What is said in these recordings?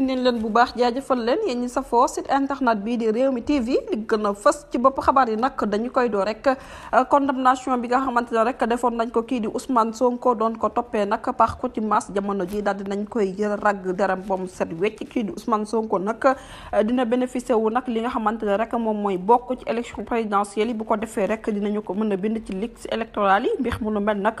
nuyu nañ leen bu baax jaajëfal leen yéen ñi safoo site internet bii di réew mi TV li a fës ci bopp xabaar yi nag dañu koy doo rek euh, condamnation bi nga xamante ne rek defoon nañ ko kii di Ousmane Sonko doon ko toppee nag par contumace jamono ji daal dinañ koy jël rag deram bom set wecc kii di Ousmane Sonko nag euh, dina bénéficié wu nag li nga ne rek moom mooy bokk ci élection présidentielle yi bu ko defee rek dinañu ko mën a bind ci liste électorale yi mbir mu nu mel nag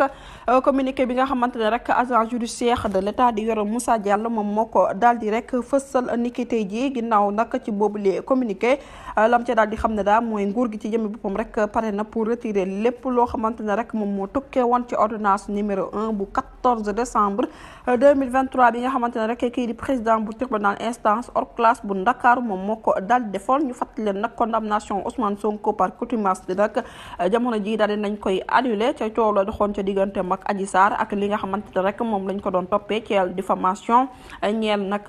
euh, communiqué bi nga xamante ne rek agent judiciaire de l' état di yoro Moussa Diallo moom moo ko di rek rek fësal niki tey jii ginnaaw nag ci boobule communiqué euh, lam ca daal di xam ne daal mooy nguur gi ci jëme boppam rek pare na pour retirer lépp loo xamante ne rek moom moo tukkee woon ci ordonnance numéro 1 bu 4 14 décembre 2023 euh, bi nga xamante ne rek kii di président bu tribunal instance hors classe bu Ndakaaru moom moo ko defoon ñu fàttali leen nag condamnation Ousmane Sonko par contumace bi nag euh, jamono ji daal di nañ koy annulé ca coow la doxoon ca diggante mag ak li nga xamante rek moom lañ ko doon toppee ci diffamation ñeel nag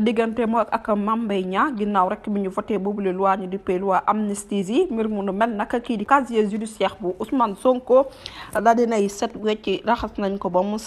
diggante ak Mame Mbaye Niang ginnaaw rek bi ñu voté boobule loi ñu duppee loi amnistie mbir mu nu mel nag kii di casier judiciaire bu Ousmane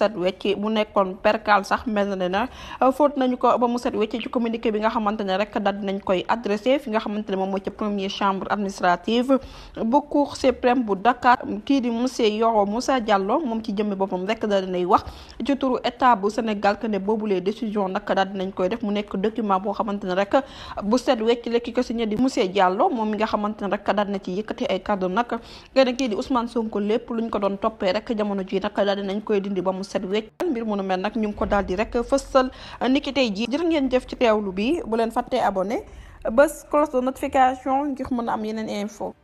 euh, set wecc mu nekkoon percal sax mel na ne euh, fóot nañu ko ba mu set wecc ci communiqué bi nga xamante ne rek daal nañ koy adressé fi nga xamante ne moom mooy ca premier chambre administrative bu cour suprême bu Dakar kii di monsieur Yoro Moussa Diallo moom ci jëmmi boppam rek daal dinay wax ci turu état bu Sénégal que ne boobulee décision nag daal dinañ koy def mu nekk document boo xamante ne rek bu set wecc la ki ko signé di monsieur Diallo moom mi nga xamante ne rek daal dina ci yëkkati ay kàddu a kii di Ousmane ko doon toppee rek jamono ji nag daal dinañ koy dindi ba mu set wecc mbir mu nu mel nag ñu ngi ko daal di rek fësal niki tey jii jërë ngeen jëf ci lu bi bu leen fàttee abone bés cloche de notification ngir mën a am yeneen info